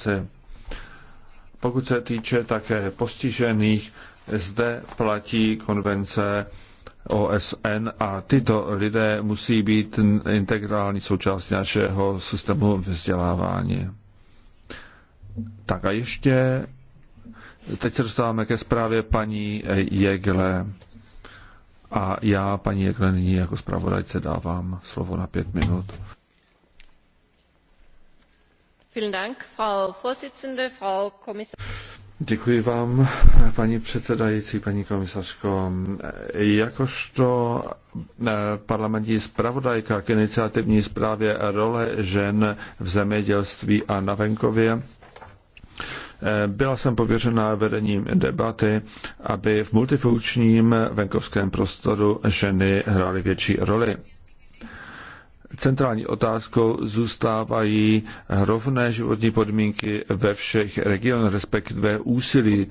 situaci. Pokud se týče také postižených, zde platí konvence OSN a tyto lidé musí být integrální součástí našeho systému vzdělávání. Tak a ještě, teď se dostáváme ke zprávě paní Jegle. A já paní Jegle nyní jako zpravodajce dávám slovo na pět minut. Děkuji vám, paní předsedající, paní komisařko. Jakožto eh, parlamentní zpravodajka k iniciativní zprávě role žen v zemědělství a na venkově, eh, byla jsem pověřena vedením debaty, aby v multifunkčním venkovském prostoru ženy hrály větší roli. Centrální otázkou zůstávají rovné životní podmínky ve všech regionech, respektive úsilí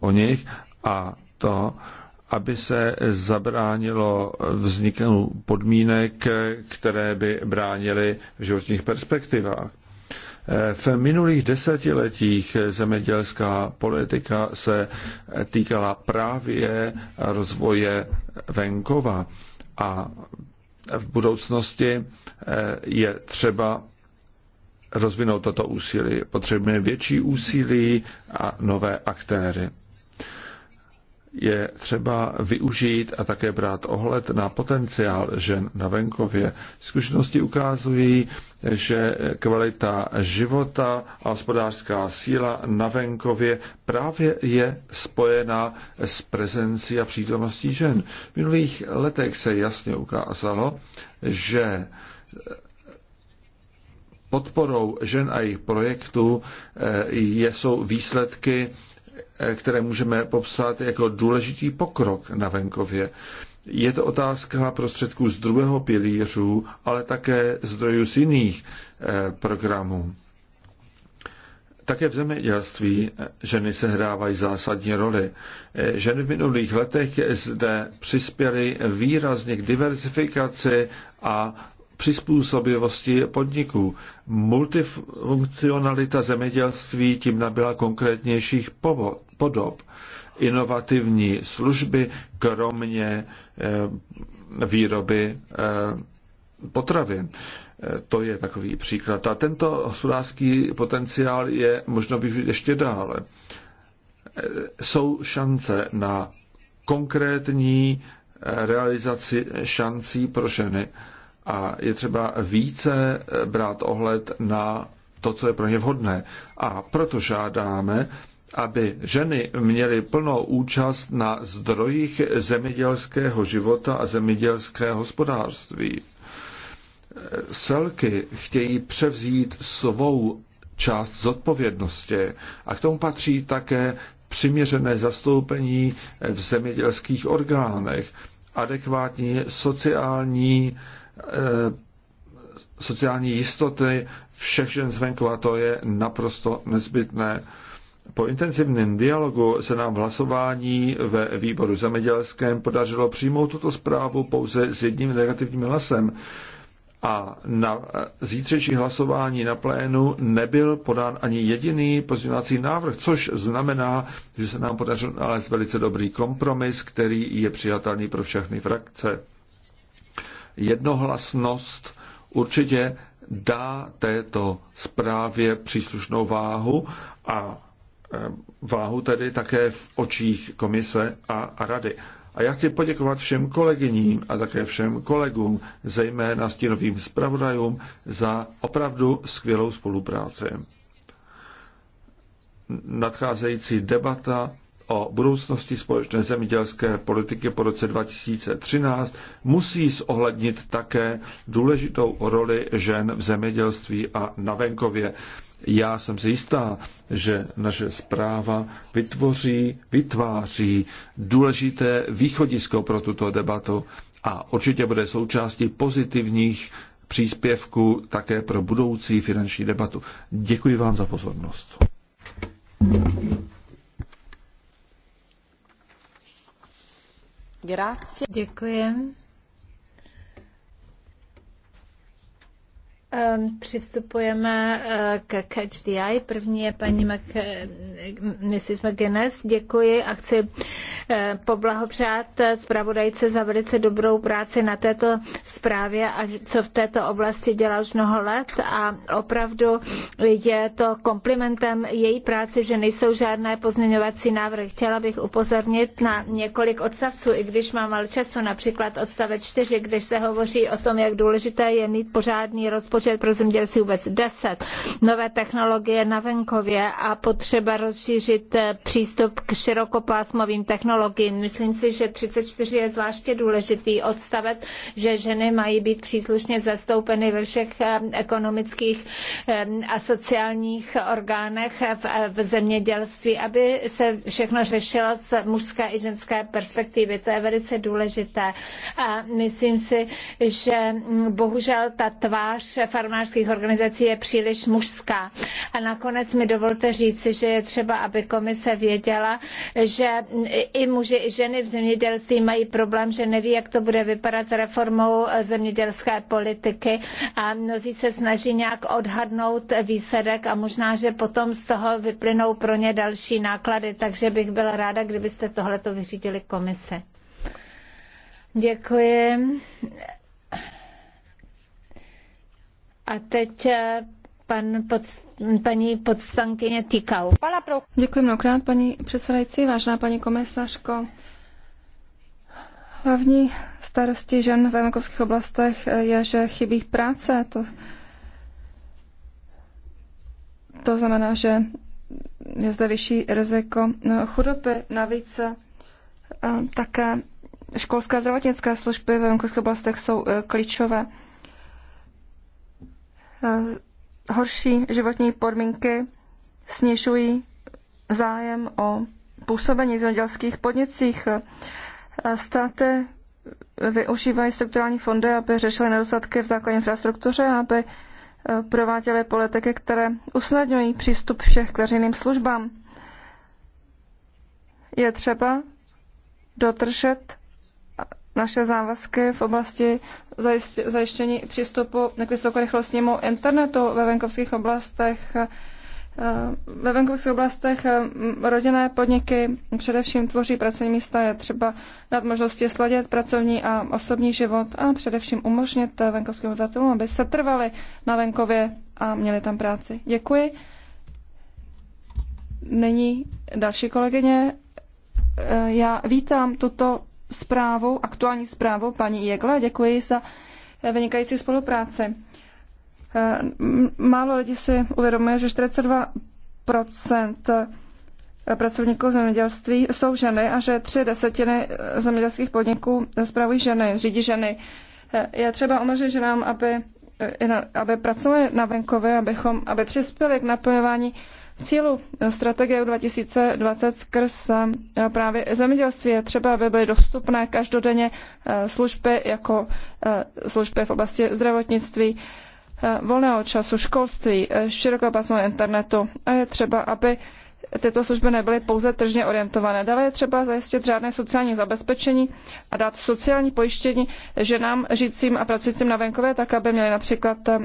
o nich a to, aby se zabránilo vzniku podmínek, které by bránily v životních perspektivách. V minulých desetiletích zemědělská politika se týkala právě rozvoje venkova a v budoucnosti eh, je třeba rozvinout toto úsilí. Potřebujeme větší úsilí a nové aktéry je třeba využít a také brát ohled na potenciál žen na venkově. Zkušenosti ukazují, že kvalita života a hospodářská síla na venkově právě je spojena s prezencí a přítomností žen. V minulých letech se jasně ukázalo, že podporou žen a jejich projektů eh, jsou výsledky které můžeme popsat jako důležitý pokrok na venkově. Je to otázka prostředků z druhého pilířu, ale také zdrojů z jiných eh, programů. Také v zemědělství ženy sehrávají zásadní roli. Eh, ženy v minulých letech zde přispěly výrazně k diversifikaci a přizpůsobivosti podniků. Multifunkcionalita zemědělství tím nabyla konkrétnějších podob. Inovativní služby, kromě eh, výroby eh, potravin. Eh, to je takový příklad. A tento hospodářský potenciál je možno využít ještě dále. Jsou šance na konkrétní realizaci šancí pro ženy a je třeba více brát ohled na to, co je pro ně vhodné. A proto žádáme, aby ženy měly plnou účast na zdrojích zemědělského života a zemědělského hospodářství. Selky chtějí převzít svou část zodpovědnosti a k tomu patří také přiměřené zastoupení v zemědělských orgánech, adekvátní sociální Eh, sociální jistoty všech žen zvenku a to je naprosto nezbytné. Po intenzivním dialogu se nám v hlasování ve výboru zemědělském podařilo přijmout tuto zprávu pouze s jedním negativním hlasem a na zítřejší hlasování na plénu nebyl podán ani jediný pozměňovací návrh, což znamená, že se nám podařilo nalézt velice dobrý kompromis, který je přijatelný pro všechny frakce jednohlasnost určitě dá této zprávě příslušnou váhu a eh, váhu tedy také v očích komise a rady. A já chci poděkovat všem kolegyním a také všem kolegům, zejména stínovým zpravodajům, za opravdu skvělou spolupráci. Nadcházející debata o budoucnosti společné zemědělské politiky po roce 2013 musí zohlednit také důležitou roli žen v zemědělství a na venkově. Já jsem si jistá, že naše zpráva vytvoří, vytváří důležité východisko pro tuto debatu a určitě bude součástí pozitivních příspěvků také pro budoucí finanční debatu. Děkuji vám za pozornost. Grazie. Děkuji. Ehm, přistupujeme eh, ke Catch the Eye. První je paní Mc, eh, Mrs. McGuinness. Děkuji a chci eh, poblahopřát zpravodajce za velice dobrou práci na této zprávě a co v této oblasti dělá už mnoho let a opravdu je to komplimentem její práci, že nejsou žádné pozměňovací návrhy. Chtěla bych upozornit na několik odstavců, i když mám málo času, například odstavec 4, kde se hovoří o tom, jak důležité je mít pořádný rozpočet rozpočet pro zemědělství vůbec 10, nové technologie na venkově a potřeba rozšířit eh, přístup k širokopásmovým technologiím. Myslím si, že 34 je zvláště důležitý odstavec, že ženy mají být příslušně zastoupeny ve všech eh, ekonomických eh, a sociálních orgánech v zemědělství, aby se všechno řešilo z mužské i ženské perspektivy. To je velice důležité. A myslím si, že mm, bohužel ta tvář farmářských organizací je příliš mužská. A nakonec mi dovolte říci, že je třeba, aby komise věděla, že i muži, i ženy v zemědělství mají problém, že neví, jak to bude vypadat reformou zemědělské politiky a mnozí se snaží nějak odhadnout výsledek a možná, že potom z toho vyplynou pro ně další náklady, takže bych byla ráda, kdybyste tohleto vyřídili komise. Děkuji. A teď eh, pan pod, paní podstankyně Tikau. Děkuji mnohokrát, paní předsedající, vážná paní komisařko. Hlavní starostí žen ve venkovských oblastech eh, je, že chybí práce. To, to znamená, že je zde vyšší riziko no, chudoby. Navíc eh, také školské a zdravotnické služby ve venkovských oblastech jsou klíčové. Eh, horší životní podmínky snižují zájem o působení v zemědělských podnicích. Eh, státy využívají strukturální fondy, aby řešily nedostatky v základní infrastruktuře, aby eh, prováděly politiky, které usnadňují přístup všech k veřejným službám. Je třeba dotržet naše závazky v oblasti zajištění přístupu k vysokorychlostnímu internetu ve venkovských oblastech eh, ve venkovských oblastech eh, rodinné podniky především tvoří pracovní místa, je třeba nad možnosti sladit pracovní a osobní život a především umožnit eh, venkovským obyvatelům, aby se trvali na venkově a měli tam práci. Děkuji. Není další kolegyně. Já vítám tuto zprávou, aktuální zprávou paní Jegla, Děkuji za vynikající spolupráci. Eh, málo lidí si uvědomuje, že 42 eh, pracovníků v zemědělství jsou ženy a že tři desetiny eh, zemědělských podniků spravují ženy, řídí ženy. Je třeba umožnit ženám, aby, aby pracovali na venkově, abychom, aby přispěli k naplňování cílu strategie 2020 skrz eh, právě zemědělství je třeba, aby byly dostupné každodenně eh, služby jako eh, služby v oblasti zdravotnictví, volného času, školství, širokopásmového internetu a je třeba, aby tyto služby nebyly pouze tržně orientované. Dále je třeba zajistit řádné sociální zabezpečení a dát sociální pojištění ženám žijícím a pracujícím na venkově, tak aby měli například eh,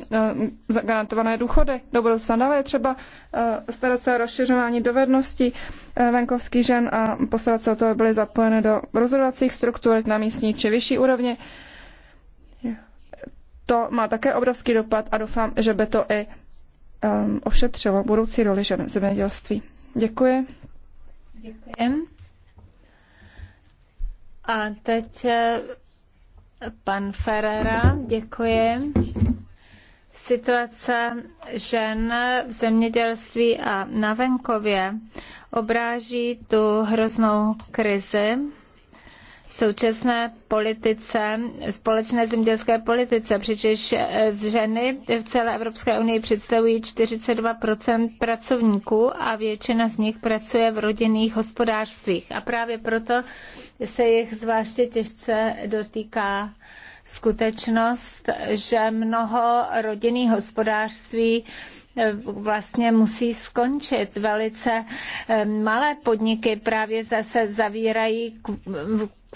garantované důchody do budoucna. Dále je třeba eh, starat se o rozšiřování dovedností eh, venkovských žen a postarat se o to, aby byly zapojeny do rozhodovacích struktur na místní či vyšší úrovni. To má také obrovský dopad a doufám, že by to i um, ošetřilo budoucí roli zemědělství. Děkuji. Děkuji. A teď eh, pan Ferrera, děkuji. Situace žen v zemědělství a na venkově obráží tu hroznou krizi, současné politice, společné zemědělské politice, přičemž eh, ženy v celé Evropské unii představují 42 pracovníků a většina z nich pracuje v rodinných hospodářstvích. A právě proto se jich zvláště těžce dotýká skutečnost, že mnoho rodinných hospodářství eh, vlastně musí skončit. Velice eh, malé podniky právě zase zavírají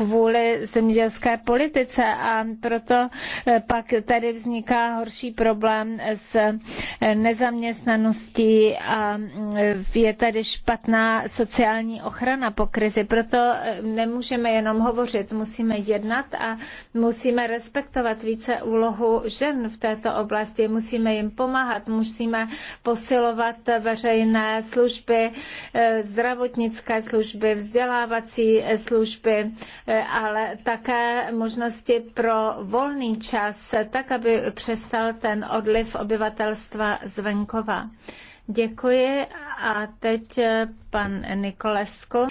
kvůli zemědělské politice a proto eh, pak tady vzniká horší problém s eh, nezaměstnaností a mm, je tady špatná sociální ochrana po krizi. Proto eh, nemůžeme jenom hovořit, musíme jednat a musíme respektovat více úlohu žen v této oblasti, musíme jim pomáhat, musíme posilovat veřejné služby, zdravotnické služby, vzdělávací služby, Eh, ale také možnosti pro volný čas, tak aby přestal ten odliv obyvatelstva z venkova. Děkuji a teď eh, pan Nikolesko.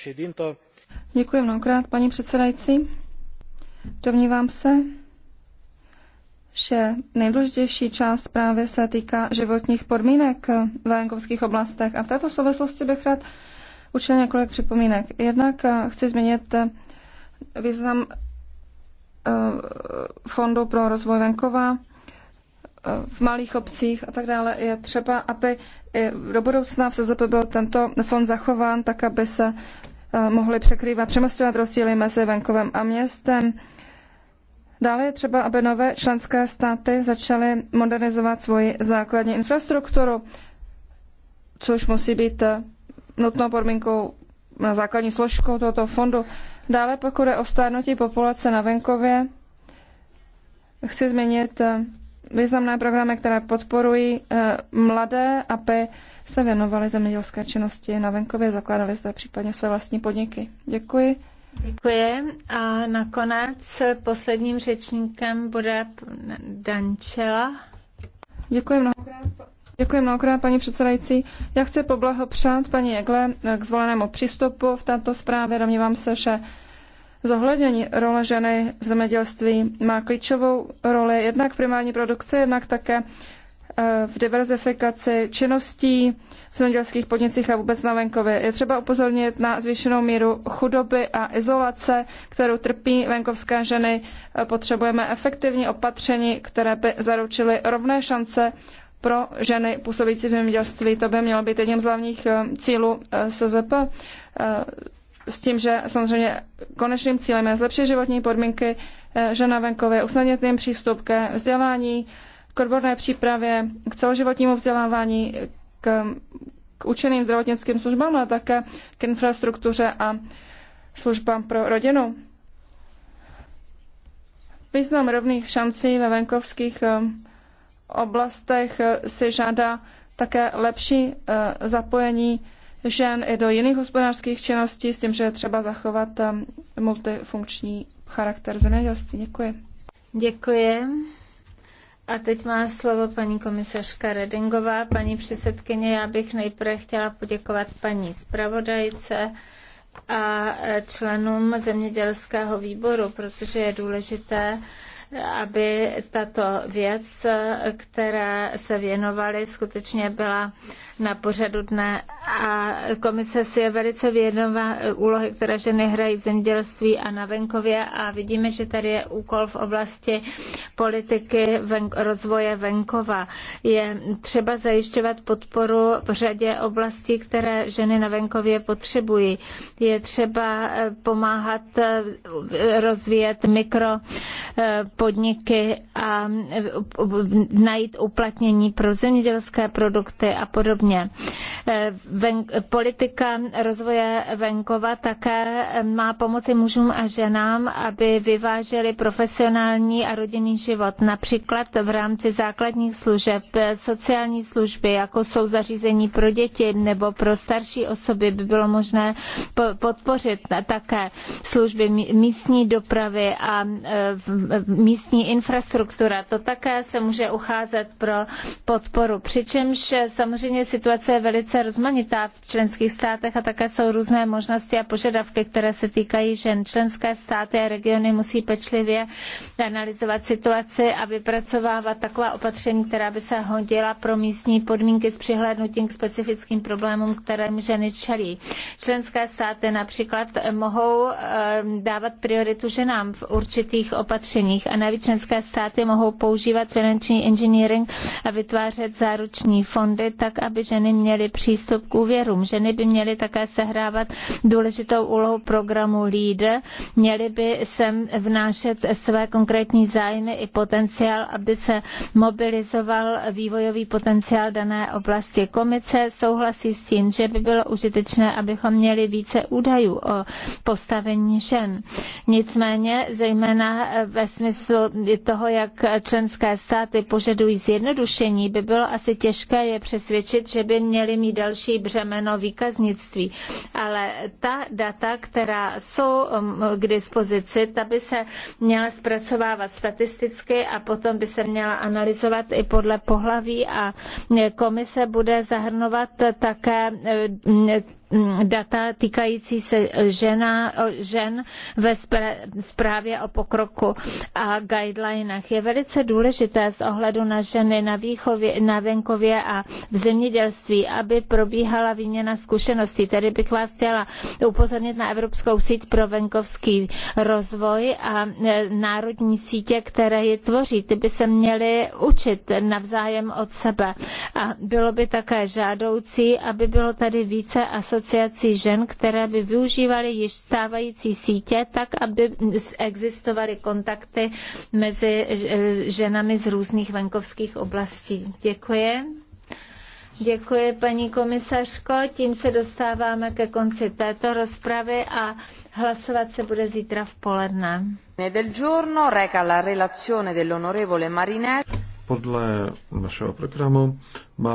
Děkuji mnohokrát, paní předsedající. Domnívám se, že nejdůležitější část právě se týká životních podmínek v venkovských oblastech. A v této souvislosti bych rád učil několik připomínek. Jednak eh, chci změnit význam eh, fondu pro rozvoj venkova eh, v malých obcích a tak dále, je třeba, aby i do budoucna v SZP byl tento fond zachován, tak aby se eh, mohly překrývat, přemostovat rozdíly mezi venkovem a městem. Dále je třeba, aby nové členské státy začaly modernizovat svoji základní infrastrukturu, což musí být nutnou podmínkou na základní složkou tohoto fondu. Dále, pokud je o stárnutí populace na venkově, chci změnit eh, významné programy, které podporují eh, mladé, aby se věnovali zemědělské činnosti na venkově, zakládali zde případně své vlastní podniky. Děkuji. Děkuji. A nakonec posledním řečníkem bude Dančela. Děkuji mnohokrát. Děkuji mnohokrát, paní předsedající. Já chci poblahopřát paní Jegle k zvolenému přístupu v této zprávě. Domnívám se, že zohlednění role ženy v zemědělství má klíčovou roli jednak v primární produkci, jednak také eh, v diverzifikaci činností v zemědělských podnicích a vůbec na venkově. Je třeba upozornit na zvýšenou míru chudoby a izolace, kterou trpí venkovské ženy. Potřebujeme efektivní opatření, které by zaručily rovné šance pro ženy působící v zemědělství. To by mělo být jedním z hlavních eh, cílů eh, SZP eh, s tím, že samozřejmě konečným cílem je zlepšit životní podmínky žen venkově, usnadnit jim přístup ke vzdělání, k odborné přípravě, k celoživotnímu vzdělávání, k, k učeným zdravotnickým službám, ale také k infrastruktuře a službám pro rodinu. Význam rovných šancí ve venkovských oblastech eh, si žádá také lepší eh, zapojení žen i do jiných hospodářských činností, s tím, že je třeba zachovat eh, multifunkční charakter zemědělství. Děkuji. Děkuji. A teď má slovo paní komisařka Redingová. Paní předsedkyně, já bych nejprve chtěla poděkovat paní zpravodajce a členům zemědělského výboru, protože je důležité, aby tato věc, která se věnovali, skutečně byla na pořadu dne a komise si je velice vědomá úlohy, které ženy hrají v zemědělství a na venkově a vidíme, že tady je úkol v oblasti politiky rozvoje venkova. Je třeba zajišťovat podporu v řadě oblastí, které ženy na venkově potřebují. Je třeba eh, pomáhat eh, rozvíjet mikropodniky eh, a najít uplatnění pro zemědělské produkty a podobně obecně. Eh, ven, politika rozvoje venkova také eh, má pomoci mužům a ženám, aby vyváželi profesionální a rodinný život. Například v rámci základních služeb, eh, sociální služby, jako jsou zařízení pro děti nebo pro starší osoby, by bylo možné podpořit také služby místní dopravy a místní infrastruktura. To také se může ucházet pro podporu. Přičemž samozřejmě si situace je velice rozmanitá v členských státech a také jsou různé možnosti a požadavky, které se týkají žen. Členské státy a regiony musí pečlivě analyzovat situaci a vypracovávat taková opatření, která by se hodila pro místní podmínky s přihlédnutím k specifickým problémům, kterým ženy čelí. Členské státy například mohou ehm, dávat prioritu ženám v určitých opatřeních a navíc členské státy mohou používat finanční engineering a vytvářet záruční fondy tak, aby ženy měly přístup k úvěrům. Ženy by měly také sehrávat důležitou úlohu programu LEAD, měly by sem vnášet své konkrétní zájmy i potenciál, aby se mobilizoval vývojový potenciál dané oblasti. Komice souhlasí s tím, že by bylo užitečné, abychom měli více údajů o postavení žen. Nicméně, zejména ve smyslu toho, jak členské státy požadují zjednodušení, by bylo asi těžké je přesvědčit, že že by měli mít další břemeno výkaznictví. Ale ta data, která jsou um, k dispozici, ta by se měla zpracovávat statisticky a potom by se měla analyzovat i podle pohlaví a e, komise bude zahrnovat také e, data týkající se žena, žen ve zprávě o pokroku a guidelinech. Je velice důležité z ohledu na ženy na, výchově, na venkově a v zemědělství, aby probíhala výměna zkušeností. Tady bych vás chtěla upozornit na Evropskou síť pro venkovský rozvoj a e, národní sítě, které ji tvoří. Ty by se měly učit navzájem od sebe. A bylo by také žádoucí, aby bylo tady více asociací asociací žen, které by využívaly již stávající sítě, tak aby existovaly kontakty mezi eh, ženami z různých venkovských oblastí. Děkuji. Děkuji, paní komisařko. Tím se dostáváme ke konci této rozpravy a hlasovat se bude zítra v poledne. Del giorno relazione dell'onorevole Podle našeho programu má